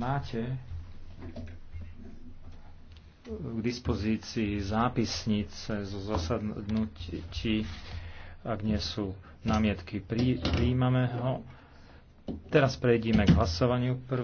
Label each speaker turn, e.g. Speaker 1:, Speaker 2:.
Speaker 1: Máte k dispozícii zápisnice zo zasadnutí, ak nie sú námietky, príjmame ho.
Speaker 2: Teraz prejdeme k hlasovaniu.